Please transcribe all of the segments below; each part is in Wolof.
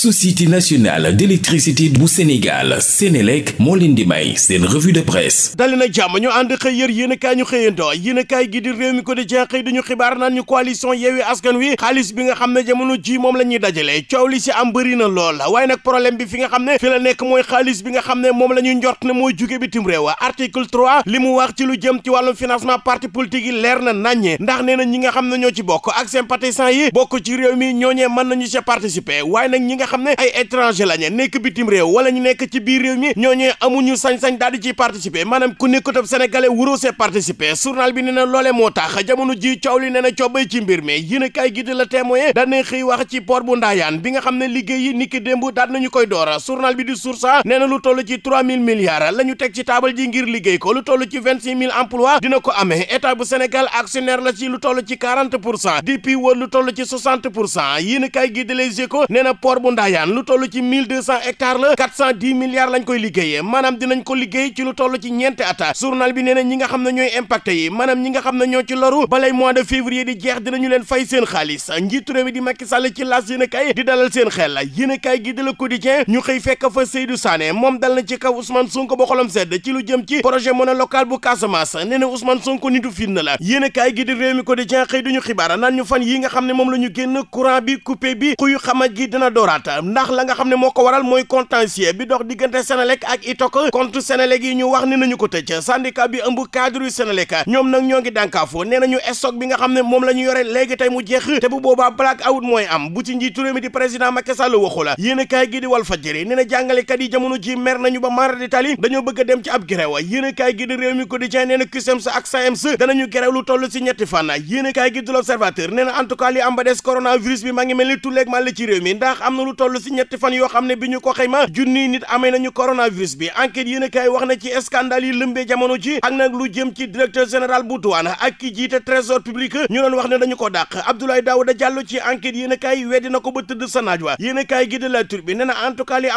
société nationale d'électricité bu Sénégal Sénélec moo leen di may seen revue de presse dali na jàmm ñu ànd xëy yër yéen a kaay ñu xëyandoo yéen gi di réew mi ko di jeex xëy dañu xibaar naan ñu coalition Yewwi Askan Wi xaalis bi nga xam ne jamono ji moom la ñuy dajale coow li si am bëri na lool waaye nag problème bi fi nga xam ne fi la nekk mooy xaalis bi nga xam ne moom la ñuy njort ne mooy jóge bitim réew article 3 li mu wax ci lu jëm ci wàllum financement parti politique yi leer na naññee ndax nee na ñi nga xam ne ñoo ci bokk ak sympathisants yi bokk ci réew mi xam na ay étranger la ñu nekk bitim réew wala ñu nekk ci biir réew mi ñooñu amuñu sañ-sañ daal di ciy participer maanaam ku nekkatab sénégalais wuroo see participer journal bi nee na loolee moo tax jamono ji coow li nee na coobay ci mbir mi yéen a kaay gi de la témoin daan nañ xëy ci port bu ndaayaan bi nga xam ne liggéey yi niki démb daan nañu koy doora journal bi di Source A nee na lu toll ci 3000 milliards la ñu teg ci taabal ji ngir liggéey ko lu toll ci 26000 emploi dina ko amee état bu Sénégal pour cent DP woon lu toll ci cent yéen a kaay gi de Ndayane lu toll ci mille deux cent hectares la quatre cent koy liggéeyee maanaam dinañ ko liggéey ci lu toll ci ñeenti at journal bi nee ñi nga xam ne ñooy impacté yi maanaam ñi nga xam ne ñoo ci loru balay mois de février di jeex dinañu leen fay seen xaalis njiitu réew mi di Macky Sall ci lu jëm ci projet monolocale bu Casamance nee na Ousmane nitu fitna la yéen gi di réew mi Quotidien xëy duñu xibaar naan ñu fan yi nga xam ne moom la génn ndax la nga xam ne moo ko waral mooy contentieux bi dox diggante Senelec ak Itok compte Senelec yi ñu wax ni nañu ko tëj syndicat bi ëmb cadre yu Senelec ñoom nag ñoo ngi dànkaafoo nee nañu stock bi nga xam ne moom la yore léegi tey mu jeex te bu boobaa black out mooy am bu ci njiitu réew mi di président Macky Sall waxu la yéen kaay gi di Walf Fadjri nee na jàngalekat yi jamono ji mer nañu ba mara tali dañoo bëgg dem ci ab gréw yéen toll si ñetti fan yoo xam ne bi ñu ko xayma junniy nit amee nañu coronavirus bi enquête yéen a wax na ci scandale lëmbee jamono ji ak nag lu jëm ci directeur général bu ak ki jiite trésor public ñu doon wax ne dañu ko dàq Abdoulaye Daouda Diallo ci enquête yéen a kaay ko ba tëdd sa naaj wa yéen a kaay gi bi nee na en tout cas li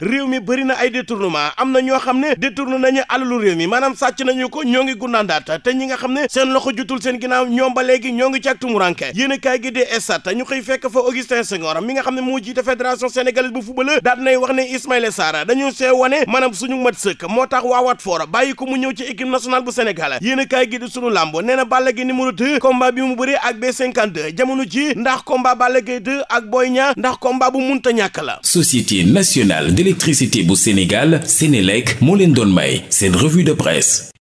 réew mi bëri ay détournement am na ñoo xam ne détourné nañu réew mi maanaam sàcc fédération sénégalaise bu football daal nay wax ne Ismaïla Sarr dañu see wane maanaam suñu mat sëkk moo tax waa Watford bàyyi ko mu ñëw ci équipe nationale bu Sénégal yéen a kaay gi di sunu làmb nee na Balla Gaye numéro 2 combat bi mu bëri ak B52 jamono ji ndax komba Balla Gaye 2 ak Boy Niang ndax combat bu munta ñàkk la. Société nationale d'électricité bu Sénégal Sénélec moo leen doon may seen revue de presse.